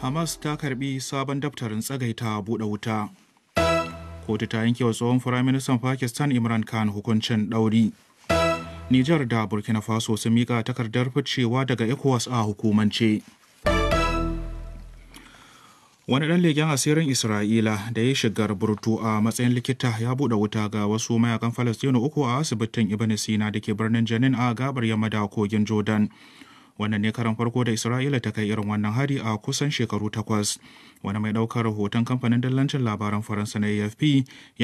hamas ta karbi sabon daftarin tsagaita buɗe wuta kotu ta yanke wa tsohon firaministan pakistan imran khan hukuncin ɗauri nijar da burkina faso sun mika takardar ficewa daga ecowas a hukumance wani ɗan legen asirin isra'ila da ya shigar burtu a matsayin likita ya buɗe wuta ga wasu mayakan falastinu uku a asibitin ibn sina da ke birnin janin a gabar yamma da kogin jordan wannan ne karan farko da isra'ila ta kai irin wannan hari a kusan shekaru takwas wani mai ɗaukar hoton kamfanin dallancin labaran faransa na afp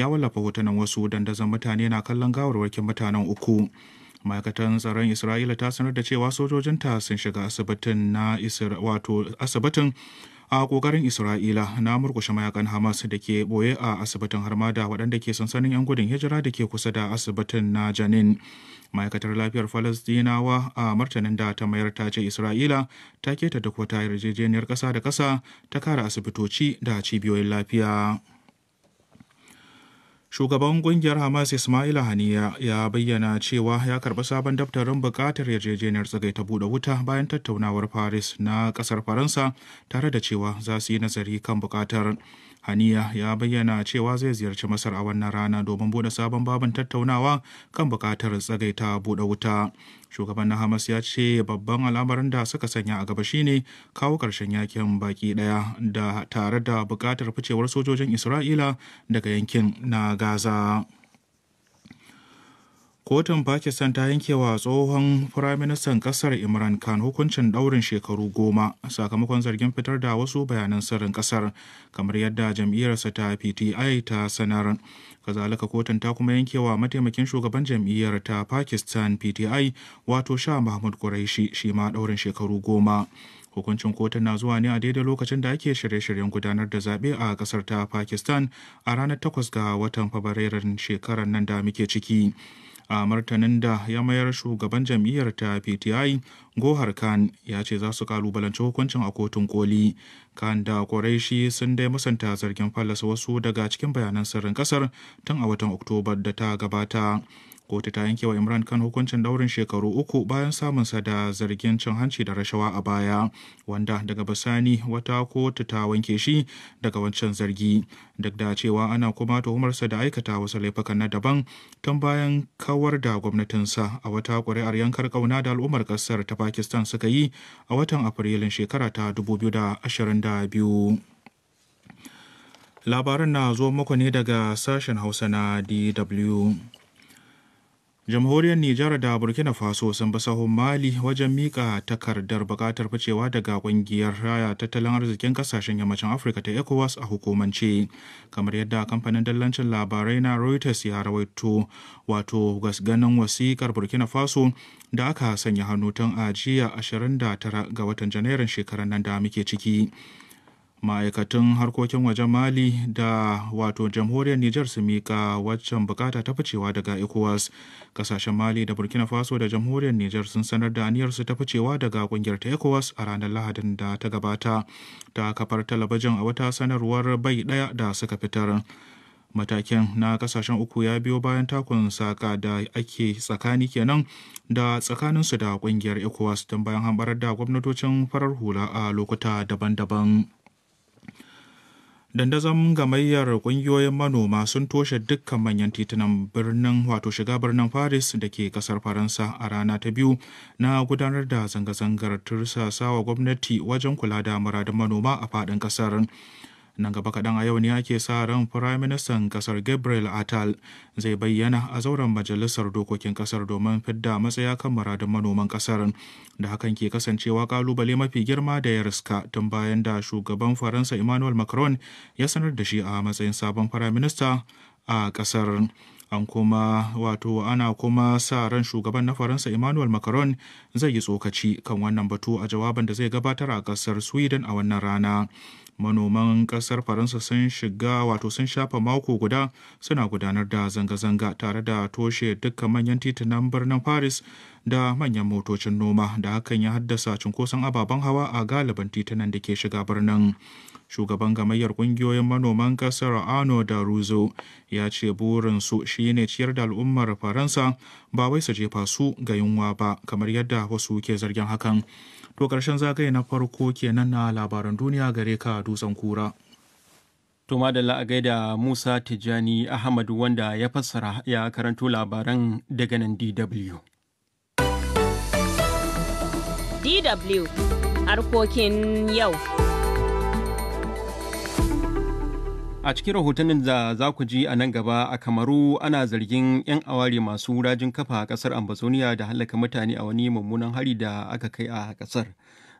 ya wallafa hotunan wasu dandazon mutane na kallon gawarwakin mutanen uku ma'aikatan tsaron isra'ila ta sanar da cewa sojojinta sun shiga asibitin na wato asibitin a kokarin isra'ila na murkushe mayakan hamas da ke boye a asibitin harmada waɗanda ke sansanin 'yan gudun hijira da ke kusa da asibitin na janin ma'aikatar lafiyar falastinawa a martanin da ta mayar ta ce isra'ila ta keta duk wata yarjejeniyar ƙasa da ƙasa ta kara asibitoci da cibiyoyin lafiya shugaban kungiyar hamas ismaila haniya ya bayyana cewa ya karɓi sabon daftarin bukatar yarjejeniyar tsagai ta buɗe wuta bayan tattaunawar paris na ƙasar faransa tare da cewa za su yi nazari kan bukatar haniya ya bayyana cewa zai ziyarci masar a wannan rana domin buɗe sabon babin tattaunawa kan bukatar tsagai ta buɗe wuta shugaban na hamas ya ce babban al'amarin da suka sanya a gaba shine kawo ƙarshen yakin baki ɗaya da tare da buƙatar ficewar sojojin isra'ila daga yankin na gaza Kotun Pakistan ta yanke wa tsohon Firaministan ƙasar Imran Khan hukuncin ɗaurin shekaru goma sakamakon zargin fitar da wasu bayanan sirrin kasar kamar yadda jam'iyyarsa ta PTI ta sanar. Kazalika kotun ta kuma yanke wa mataimakin shugaban jam'iyyar ta Pakistan PTI wato sha Mahmud Quraishi shi ma ɗaurin shekaru goma. Hukuncin kotun na zuwa ne a daidai lokacin da ake shirye-shiryen gudanar da zaɓe a ƙasar ta Pakistan a ranar 8 ga watan Fabrairun shekarar nan da muke ciki. a martanin da ya mayar shugaban jam'iyyar ta pti gohar khan ya ce za su kalubalanci hukuncin a kotun koli khan da Qureshi sun dai musanta zargin fallasa wasu daga cikin bayanan sirrin kasar tun a watan oktoba da ta gabata kotu ta yanke wa imran kan hukuncin daurin shekaru uku bayan samunsa da zargin cin hanci da rashawa a baya wanda daga bisani wata kotu ta wanke shi daga wancan zargi duk da cewa ana kuma tuhumarsa da aikata wasu laifukan na daban tun bayan kawar da gwamnatinsa a wata ƙuri'ar yankar kauna da al'ummar ƙasar ta pakistan suka yi a watan afrilun shekara ta 2022 labarin na zo muku ne daga sashen hausa na dw jamhuriyar nijar da burkina faso sun bi sahun mali wajen mika takardar bukatar ficewa daga ƙungiyar raya tattalin arzikin ƙasashen yammacin afirka ta ecowas a hukumance kamar yadda kamfanin dallancin labarai na reuters ya rawaito wato gasganin wasikar burkina faso da aka sanya hannu tun a 29 ga watan janairun shekarar nan da muke ciki ma'aikatan harkokin waje mali da wato jamhuriyar niger su mika waccan bukata ta ficewa daga ecowas kasashen mali da burkina faso da jamhuriyar niger sun sanar da aniyarsu ta ficewa daga kungiyar ta ecowas a ranar lahadin da ta gabata ta kafar talabijin a wata sanarwar bai daya da suka fitar matakin na kasashen uku ya biyo bayan takun saka da ake tsakani kenan da tsakaninsu da kungiyar ecowas don bayan hambarar da gwamnatocin farar hula a lokuta daban-daban dandazon gamayyar kungiyoyin manoma sun toshe dukkan manyan titunan birnin wato shiga birnin paris da ke kasar faransa a rana ta biyu na gudanar da zanga-zangar wa gwamnati wajen kula da muradun manoma a faɗin ƙasar nan gaba kaɗan a yau ne ake sa ran firaministan ƙasar gabriel atal zai bayyana a zauren majalisar dokokin ƙasar domin fidda matsaya kan muradin manoman ƙasar da hakan ke kasancewa ƙalubale mafi girma da ya riska tun bayan da shugaban faransa emmanuel macron ya sanar da shi a matsayin sabon firaminista minista a ƙasar an kuma wato ana kuma sa ran shugaban na faransa emmanuel macron zai yi tsokaci kan wannan batu a jawaban da zai gabatar a ƙasar sweden a wannan rana manoman kasar faransa sun shiga wato sun shafa mako guda suna gudanar da zanga-zanga tare da toshe dukkan manyan titunan birnin paris da manyan motocin noma da hakan ya haddasa cunkoson ababen hawa a galibin titunan da ke shiga birnin shugaban gamayyar kungiyoyin manoman kasar ano da ruzo ya ce burinsu shine ciyar da al'ummar faransa ba wai su jefa su ga yunwa ba kamar yadda wasu ke zargin hakan To ƙarshen zagaye na farko kenan na labaran duniya gare ka dutsen kura. To madalla a gaida Musa Tijjani Ahmad wanda ya fassara ya karanto labaran daga nan DW. DW harkokin yau. A cikin rahotannin da za ku ji a nan gaba a Kamaru ana zargin 'yan awari masu rajin kafa a ƙasar Ambazoniya da hallaka mutane a wani mummunan hari da aka kai a ƙasar.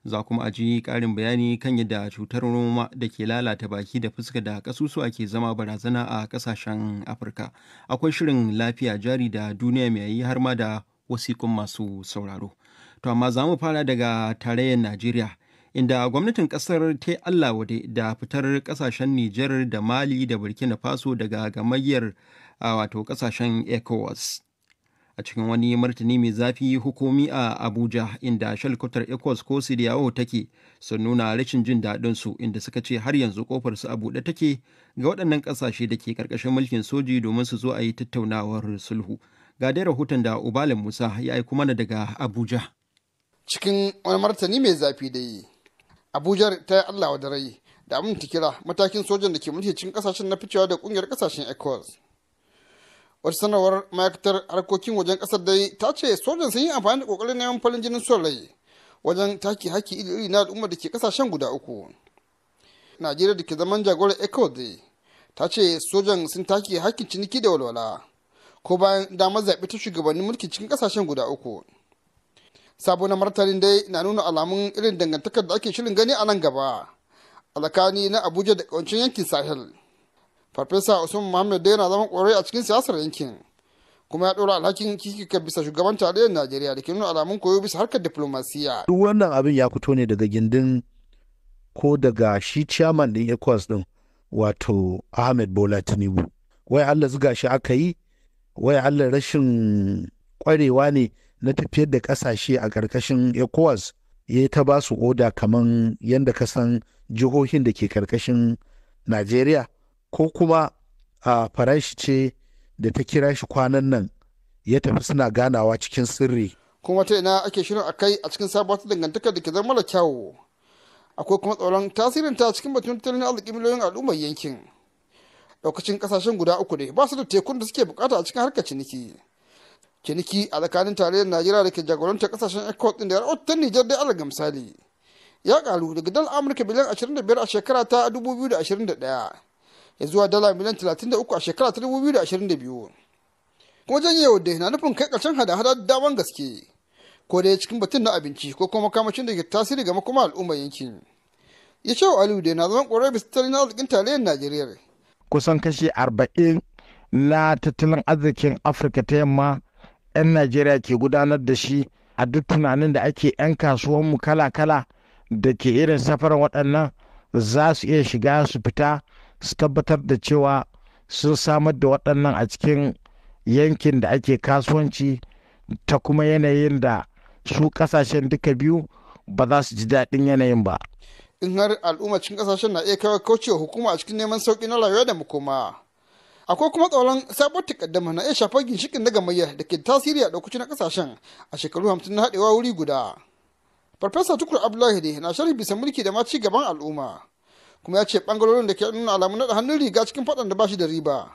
Za kuma a ji ƙarin bayani kan yadda cutar noma da ke lalata baki da fuska da ƙasusuwa ke zama barazana a ƙasashen Afirka. Akwai shirin lafiya jari da duniya mai yi har ma da wasikun masu sauraro. To amma za mu fara daga tarayyar Najeriya. inda gwamnatin kasar ta Allah wade da fitar kasashen Nijar da Mali da Burkina Faso daga gamayyar wato kasashen ECOWAS. A cikin wani martani mai zafi hukumi a Abuja inda shalkutar ECOWAS ko Sidiyawo take sun nuna rashin jin daɗin inda suka ce har yanzu kofar su a buɗe take ga waɗannan ƙasashe da ke karkashin mulkin soji domin su zo a yi tattaunawar sulhu. Ga dai rahoton da Ubalin Musa ya aiko mana daga Abuja. Cikin wani martani mai zafi da yi, abuja ta yi allah wa rai da aminta kira matakin sojan da ke mulki cikin kasashen na ficewa da kungiyar kasashen ecowas wata sanarwar ma'aikatar harkokin wajen kasar dai ta ce sojan sun yi amfani da kokarin neman falin jinin son rai wajen taki haki iri iri na al'ummar da ke kasashen guda uku najeriya da ke zaman jagorar ecowas dai ta ce sojan sun taki hakkin ciniki da walwala ko bayan damar zaɓe ta shugabannin mulki cikin kasashen guda uku sabo na martanin dai na nuna alamun irin dangantakar da ake shirin gani a nan gaba a tsakani na abuja da kawancin yankin sahel farfesa usman muhammad dai na zama kwarai a cikin siyasar yankin kuma ya ɗora alhakin kikika bisa shugaban tarayyar najeriya da ke nuna alamun koyo bisa harkar diplomasiya duk wannan abin ya fito ne daga gindin ko daga shi chairman din ecowas din wato ahmed bola tinubu wai allah zuga shi aka yi wai allah rashin kwarewa ne na tafiyar da kasashe a karkashin ECOWAS ya ta ba su oda kaman yadda ka san jihohin da ke karkashin Najeriya ko kuma a faranshi ce da ta kira shi kwanan nan ya tafi suna ganawa cikin sirri. Kuma ta ina ake shirin a kai a cikin sabuwar dangantaka da ke zama da kyawu. Akwai kuma tsoron tasirin ta cikin batun tattalin arziki miliyoyin al'ummar yankin. Daukacin kasashen guda uku ne ba su da tekun da suke bukata a cikin harkar ciniki. ciniki a tsakanin tarayyar najeriya da ke jagoranta kasashen ecuador din da yar'ot ta nijar dai alaga misali ya karu daga dala amurka miliyan 25 a shekara ta 2021 ya zuwa dala miliyan 33 a shekara ta 2022 kuma janyewar da na nufin kai karshen hada-hada daman gaske ko da cikin batun na abinci ko kuma makamacin da ke tasiri ga makoma al'ummar yankin ya ce wa aliyu da na zaman ƙorar bisa tattalin arzikin tarayyar najeriya kusan kashi 40 na tattalin arzikin afirka ta yamma 'yan Najeriya ke gudanar da shi a duk tunanin da ake 'yan kasuwanmu kala-kala da ke irin safar waɗannan za su iya shiga su fita su tabbatar da cewa sun samar da waɗannan a cikin yankin da ake kasuwanci ta kuma yanayin da su ƙasashen duka biyu ba za su ji daɗin yanayin ba. in har al'ummacin ƙasashen na iya kawai kaucewa hukuma a cikin neman sauƙi na rayuwa da makoma. akwai kuma tsoron sabon takaddama na iya shafar ginshikin na gamayyar da ke tasiri a ɗaukacin na ƙasashen a shekaru hamsin na haɗewa wuri guda farfesa tukur abdullahi na sharhi bisa mulki da ma ci gaban al'umma kuma ya ce ɓangarorin da ke nuna alamun naɗa hannun riga cikin faɗan da ba shi da riba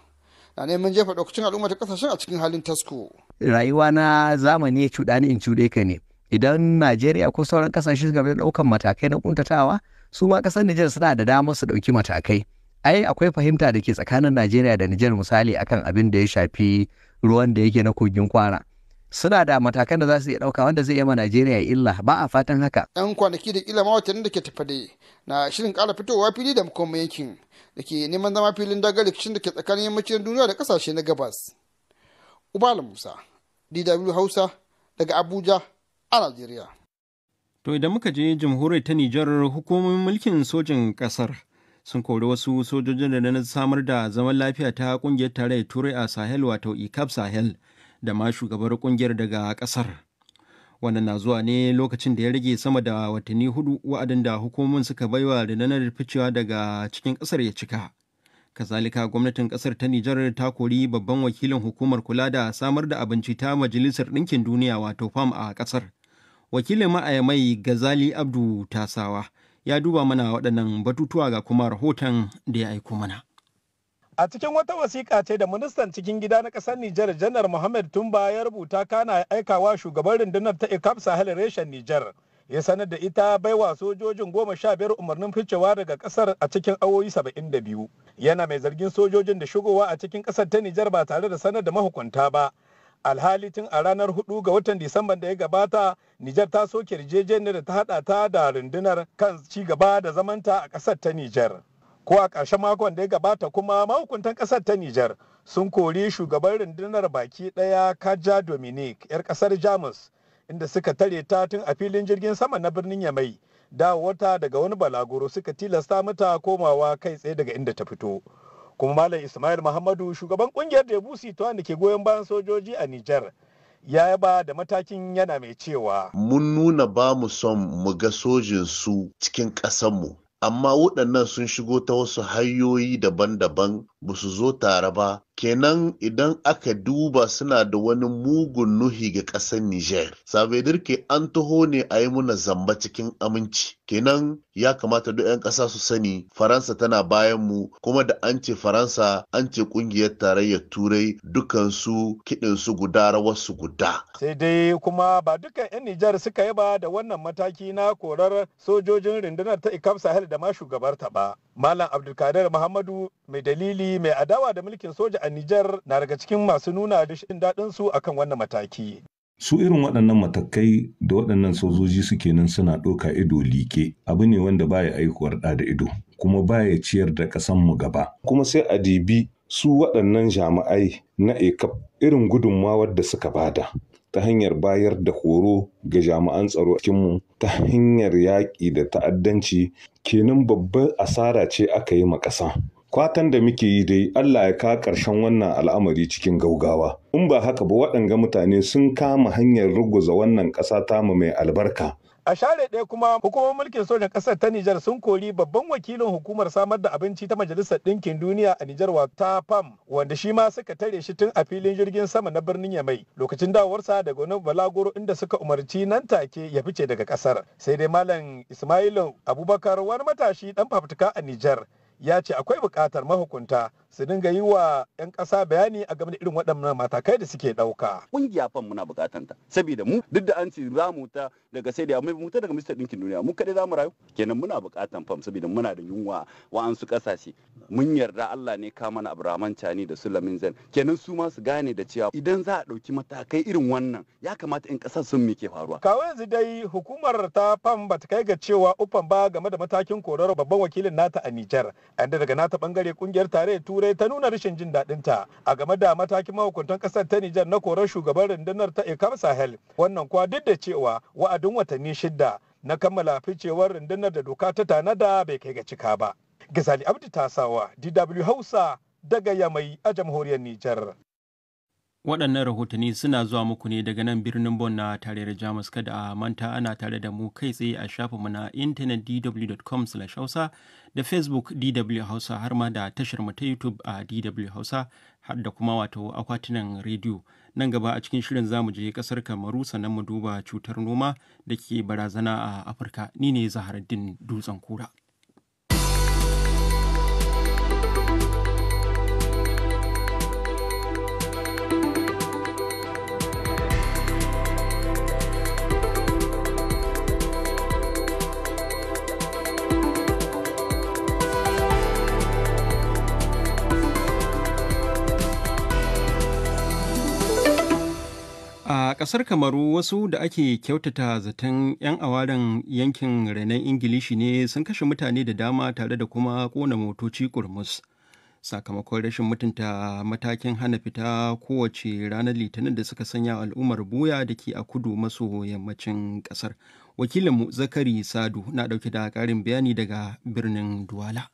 na neman jefa ɗaukacin al'umma ta ƙasashen a cikin halin tasko. rayuwa na zamani ya cuɗa ni in cuɗe ka ne idan najeriya ko sauran ƙasashe suka bi ɗaukan matakai na ƙuntatawa su ma ƙasar nijar suna da damar su ɗauki matakai ai akwai fahimta da ke tsakanin Najeriya da Nijar misali akan abin da ya shafi ruwan da yake na kogin kwara suna da matakan da za su iya ɗauka wanda zai yi ma Najeriya illa ba a fatan haka. Yan kwanaki da kila mawatan da ke tafade na shirin ƙara fitowa fili da makon yankin da ke neman zama filin dagar rikicin da ke tsakanin yammacin duniya da ƙasashe na gabas. Ubala Musa, DW Hausa daga Abuja a Najeriya. To idan muka je jamhuriyar ta Nijar hukumomin mulkin sojin ƙasar sun kori wasu sojojin da na samar da zaman lafiya ta kungiyar tarayyar turai a sahel wato Ikab sahel da ma shugabar kungiyar daga kasar wannan na zuwa ne lokacin da ya rage sama da watanni hudu wa'adin da hukumomin suka baiwa rundunar ficewa daga cikin kasar ya cika kazalika gwamnatin kasar ta nijar ta kori babban wakilin hukumar kula da samar da abinci ta majalisar ɗinkin duniya wato fam a kasar wakilin ma'ayamai gazali abdu tasawa ya duba mana waɗannan batutuwa ga kuma rahoton da ya aiko mana. A cikin wata wasiƙa ce da ministan cikin gida na ƙasar Nijar janar mohammed Tumba ya rubuta kana aikawa shugaban rundunar ta ICAP Sahel reshen Nijar. Ya sanar da ita baiwa sojojin goma sha biyar umarnin ficewa daga ƙasar a cikin awoyi saba'in da biyu. Yana mai zargin sojojin da shigowa a cikin ƙasar ta Nijar ba tare da sanar da mahukunta ba. alhali tun a ranar 4 ga watan disamban da ya gabata nijar ta soke yarjejeniyar da ta hada ta da rundunar kan ci gaba da zamanta a kasar ta nijar ko a ƙarshen makon da ya gabata kuma mahukuntan kasar ta nijar sun kori shugaban rundunar baki daya kaja dominic 'yar kasar jamus inda suka tare ta tun a filin jirgin sama na birnin yamai wata daga wani balaguro suka tilasta mata komawa kai tsaye daga inda ta fito kuma malam ismail muhammadu shugaban kungiyar busi tuwa da ke goyon bayan sojoji a nijar ya yaba da matakin yana mai cewa mun nuna ba mu son mu ga sojin su cikin ƙasanmu amma waɗannan sun shigo ta wasu hanyoyi daban-daban ba su zo tare ba kenan idan aka duba suna da wani mugun nuhi ga ƙasar nijar Sabedir ke an taho ne a yi muna zamba cikin aminci. Kenan ya kamata duk 'yan ƙasa su sani Faransa tana bayan mu kuma da an ce Faransa an ce ƙungiyar tarayyar Turai dukansu kiɗin guda rawarsu guda. Sai dai kuma ba dukan 'yan Nijar suka yaba da wannan mataki na korar sojojin rundunar ta Ikaf Sahel da ma shugabarta ba. Malam Abdulkadir Muhammadu mai dalili mai adawa da mulkin soja a Nijar na daga cikin masu nuna rashin daɗin su akan wannan mataki. Su irin waɗannan matakai da waɗannan sojoji suke nan suna ɗauka ido like abu ne wanda baya aikuwar ɗa da ido kuma baya ciyar da ƙasan mu gaba. Kuma sai a dibi su waɗannan jami'ai na ekap irin gudunmawar da suka bada ta hanyar bayar da horo ga jami'an tsaro mu ta hanyar yaƙi da ta'addanci kenan babbar asara ce aka yi ma ƙasa. Kwatan da muke yi dai Allah ya ka ƙarshen wannan al'amari cikin gaugawa. In ba haka ba waɗanga mutane sun kama hanyar ruguza wannan ƙasa tamu mai albarka. a share ɗaya kuma hukumar mulkin sojan ƙasar ta Nijar sun kori babban wakilin hukumar samar da abinci ta majalisar ɗinkin duniya a Nijar ta fam wanda shi ma suka tare shi tun a filin jirgin sama na birnin Yamai lokacin dawowarsa daga wani balaguro inda suka umarci nan take ya fice daga ƙasar sai dai malam Ismailu Abubakar wani matashi dan fafutuka a Nijar ya ce akwai bukatar mahukunta su dinga yi wa 'yan ƙasa bayani a game da irin waɗannan matakai da suke ɗauka. Ƙungiya fan muna buƙatar ta saboda mu duk da an ce za mu ta daga sai da mu ta daga Mista Ɗinkin Duniya mu kaɗai za mu rayu kenan muna buƙatar fam saboda muna da yunwa wa'ansu ƙasashe mun yarda Allah ne ka mana Abraman Cani da Sulamin Zan kenan su ma su gane da cewa idan za a ɗauki matakai irin wannan ya kamata 'yan ƙasar sun mike faruwa. Kawo yanzu dai hukumar ta fam bata kai ga cewa ufan ba game da matakin korar babban wakilin nata a Nijar yadda daga nata bangare kungiyar tare turai ta nuna rashin jin daɗin a game da matakin mahukuntan ƙasar ta Nijar na korar shugaban rundunar ta ekam Sahel wannan kuwa duk da cewa wa'adin watanni shidda na kammala ficewar rundunar da doka ta tanada bai kai ga cika ba. Gazali Abdi Tasawa, DW Hausa daga Yamai a jamhuriyar Nijar. Waɗannan rahotanni suna zuwa muku ne daga nan birnin Bon na tarayyar Jamus kada a manta ana tare da mu kai tsaye a shafinmu na intanet dw.com/hausa da facebook dw hausa har ma da tashar mu ta youtube a dw hausa har da kuma wato akwatunan rediyo nan gaba a cikin shirin zamu je kasar kamaru sannan mu duba cutar noma da ke barazana a afirka ni ne zaharaddin dutsen kura ƙasar Kamaru wasu da ake kyautata zaton 'yan awaren yankin renon Ingilishi ne sun kashe mutane da dama tare da kuma ƙona motoci kurmus. Sakamakon rashin mutunta matakin hana fita kowace ranar litinin da suka sanya al'ummar buya da ke a kudu maso yammacin ƙasar. Wakilinmu Zakari Sadu na ɗauke da ƙarin bayani daga birnin Duwala.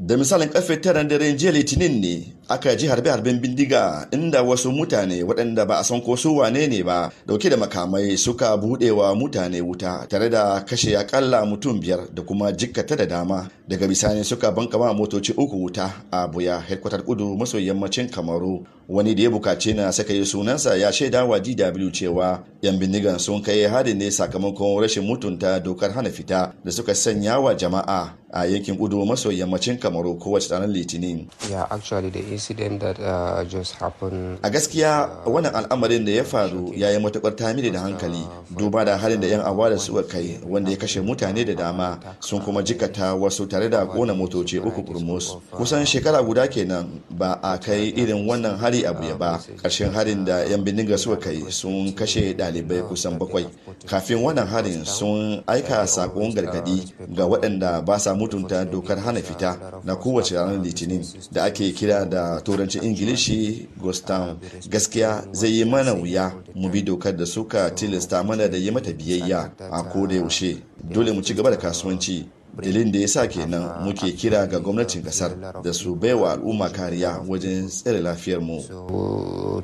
da misalin karfe taran daren jiya litinin ne aka ji harbe-harben bindiga inda wasu mutane waɗanda ba a san ko su wane ne ba dauke da makamai suka buɗewa mutane wuta tare da kashe akalla mutum biyar da kuma jikkata da dama daga bisani suka bankama motoci uku wuta a buya headquarter kudu maso yammacin kamaru wani da ya bukace na saka yi sunansa ya shaida wa dw cewa yan bindigan sun kai hari ne sakamakon rashin mutunta dokar hana fita da suka sanya wa jama'a a yankin kudu maso yammacin kamaru kowace ranar litinin uh, a gaskiya uh, wannan al'amarin da ya faru ya yi matukar tamiri da hankali uh, duba da halin da yan awada suka kai wanda ya kashe mutane da dama sun kuma jikata wasu tare da kona motoci uku kurmus kusan shekara guda kenan ba a kai irin wannan hari abu ya ba ƙarshen harin da yan bindiga suka kai sun kashe ɗalibai kusan bakwai kafin wannan harin sun aika saƙon gargaɗi ga waɗanda ba sa mutunta dokar hana fita na kowace ranar litinin da ake kira da turancin ingilishi gostam gaskiya zai yi mana wuya mu bi dokar da suka tilasta mana da yi mata biyayya a kodayaushe dole mu ci gaba da kasuwanci dalilin da ya sa kenan muke kira ga gwamnatin kasar da su baiwa al'umma kariya wajen tsare lafiyar mu uh,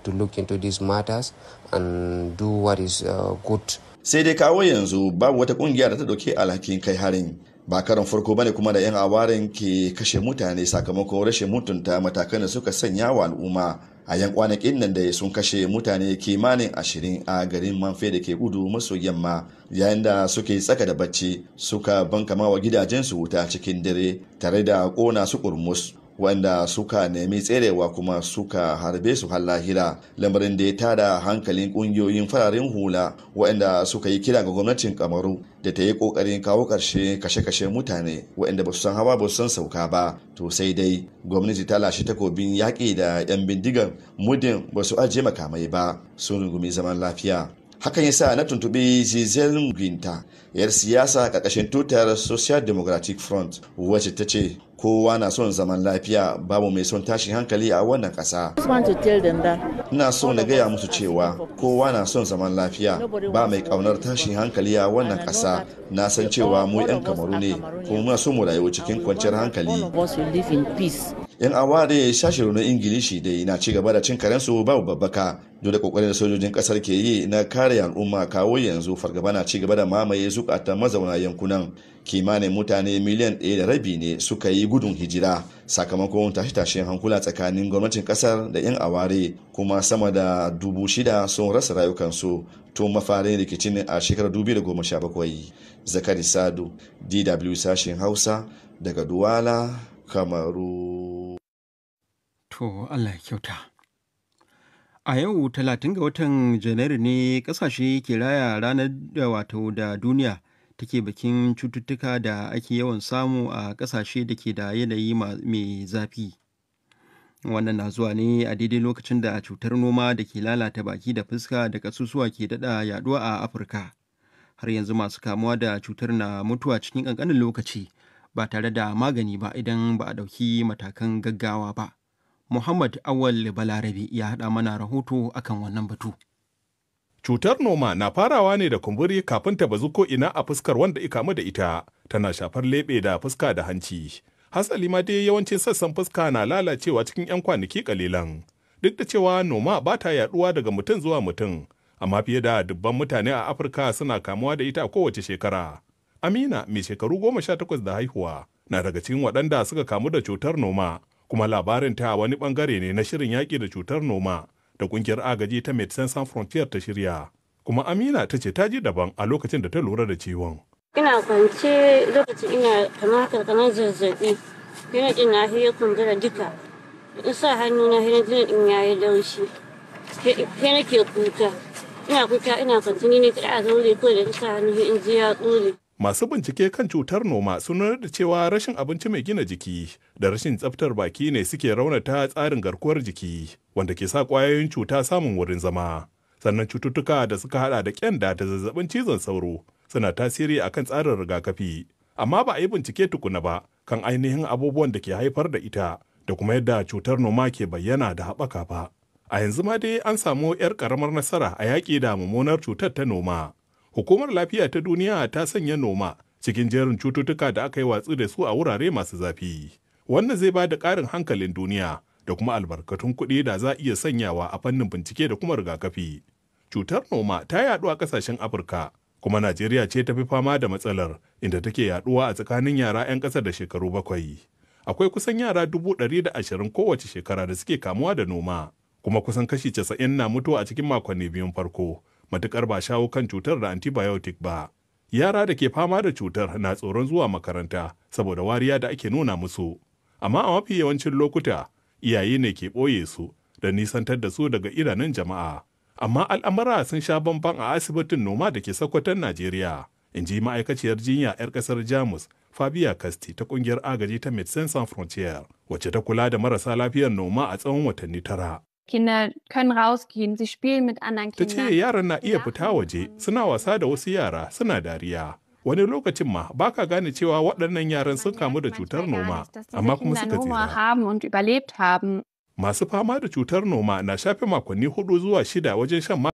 sai dai kawo yanzu babu wata kungiya da ta dauke alhakin kai harin ba karan farko bane kuma da 'yan awarin ke kashe mutane sakamakon rashin mutunta matakan da suka sanya wa al'umma a yan kwanakin nan da sun kashe mutane kimanin ashirin a garin manfe da ke kudu maso yamma yayin da suke tsaka da bacci suka bankama wa gidajensu wuta cikin dare tare da kona su kurmus wanda suka nemi tserewa kuma suka harbe su har lahira lamarin da ya tada hankalin kungiyoyin fararen hula wanda suka yi kira ga gwamnatin kamaru da ta yi ƙoƙarin kawo ƙarshe kashe-kashe mutane wanda ba su san hawa ba su san sauka ba to sai dai gwamnati ta lashe takobin yaƙi da 'yan bindigan mudin ba su ajiye makamai ba sun rungumi zaman lafiya hakan ya sa na tuntuɓi zizel guinta yar siyasa ƙarƙashin tutar social democratic front wacce ta ce kowa na son zaman lafiya babu mai son tashin hankali a wannan ƙasa ina so na gaya musu cewa kowa na son zaman lafiya ba mai ƙaunar tashin hankali a wannan ƙasa na san cewa mu 'yan kamaru ne kuma muna so mu rayu cikin kwanciyar hankali yan aware sashe na ingilishi da na ci gaba da cin karensu babu babbaka duk da kokarin sojojin kasar ke yi na kare al'umma kawo yanzu fargaba na ci gaba da mamaye zukata mazauna yankunan kimanin mutane miliyan ɗaya da rabi ne suka yi gudun hijira sakamakon tashe-tashen hankula tsakanin gwamnatin kasar da yan aware kuma sama da dubu shida sun rasa rayukansu tun mafarin rikicin a shekarar da goma sha bakwai, zakari sadu dw sashen hausa daga duwala kamaru To Allah kyauta. A yau talatin ga watan Janairu ne ƙasashe ke raya ranar da wato da duniya take bikin cututtuka da ake yawan samu a ƙasashe da ke da yanayi mai zafi. Wannan na zuwa ne a daidai lokacin da cutar noma da ke lalata baki da fuska da ƙasusuwa ke daɗa yaɗuwa a Afirka. Har yanzu masu kamuwa da cutar na mutuwa cikin ƙanƙanin lokaci ba tare da magani ba idan ba a ɗauki matakan gaggawa ba. Muhammad Awal Balarabi ya haɗa mana rahoto akan wannan batu. Cutar noma na farawa ne da kumburi kafin ta bazu ko'ina a fuskar wanda ya kamu da ita, tana shafar leɓe da fuska da hanci. Hasali ma dai yawancin sassan fuska na lalacewa cikin 'yan kwanaki ƙalilan. Duk da cewa noma ba ta yaɗuwa daga mutum zuwa mutum, amma fiye da dubban mutane a Afirka suna kamuwa da ita kowace shekara. Amina, mai shekaru goma sha takwas da haihuwa, na daga cikin waɗanda suka kamu da cutar noma kuma labarin ta wani bangare ne na shirin yaƙi da cutar noma da ƙungiyar agaji ta Medicine Sans Frontier ta shirya. Kuma Amina ta ce ta ji daban a lokacin da ta lura da ciwon. Ina kwance lokacin ina kamar karkanar zazzaɓi, ina jin na hiyar kumbura duka. In sa hannu na hiyar jin in yayi laushi. Ke nake kuka. Ina kuka ina kwance ni ne kada a zaure ko da sa hannu in ji ya tsure. Masu bincike kan cutar noma sun nuna da cewa rashin abinci mai gina jiki da rashin tsaftar baki ne suke raunata tsarin garkuwar jiki wanda ke sa ƙwayoyin cuta samun wurin zama. Sannan cututtuka da suka hada da kyanda da zazzabin cizon sauro suna tasiri a kan tsarin rigakafi. Amma ba a yi bincike tukuna ba kan ainihin abubuwan da ke haifar da ita da kuma yadda cutar noma ke bayyana da haɓaka ba. A yanzu ma dai an samu 'yar ƙaramar nasara a yaƙi da mummunar cutar ta noma. Hukumar Lafiya ta Duniya ta sanya noma cikin jerin cututtuka da aka yi watsi da su a wurare masu zafi. Wannan zai ba da ƙarin hankalin duniya da kuma albarkatun kuɗi da za a iya sanyawa a fannin bincike da kuma rigakafi. Cutar noma ta yaɗu a ƙasashen Afirka, kuma Najeriya ce ta fi fama da matsalar inda take yaɗuwa a tsakanin yara 'yan ƙasa da shekaru bakwai. Akwai kusan yara dubu ɗari da ashirin kowace shekara da suke kamuwa da noma, kuma kusan kashi casa'in na mutuwa a cikin makonni biyun farko matukar ba shawo kan cutar da antibiotic ba. Yara da ke fama da cutar na tsoron zuwa makaranta saboda wariya da ake nuna musu. Amma a mafi yawancin lokuta iyaye ne ke ɓoye su da nisantar da su daga idanun jama'a. Amma al'amura sun sha bamban a asibitin noma da ke Sokoton Najeriya, in ji ma'aikaciyar jinya 'yar ƙasar Jamus Fabia Kasti ta ƙungiyar agaji ta Medecins Sans Frontières, wacce ta kula da marasa lafiyar noma a tsawon watanni tara. Kinder können rausgehen, sie spielen mit anderen Kindern. Ta ce yaran na iya fita waje, suna wasa da wasu yara, suna dariya. Wani lokacin ma ba ka gane cewa waɗannan yaran sun kamu da cutar noma, amma kuma suka tsira. Masu fama da cutar noma na shafe makonni hudu zuwa shida wajen shan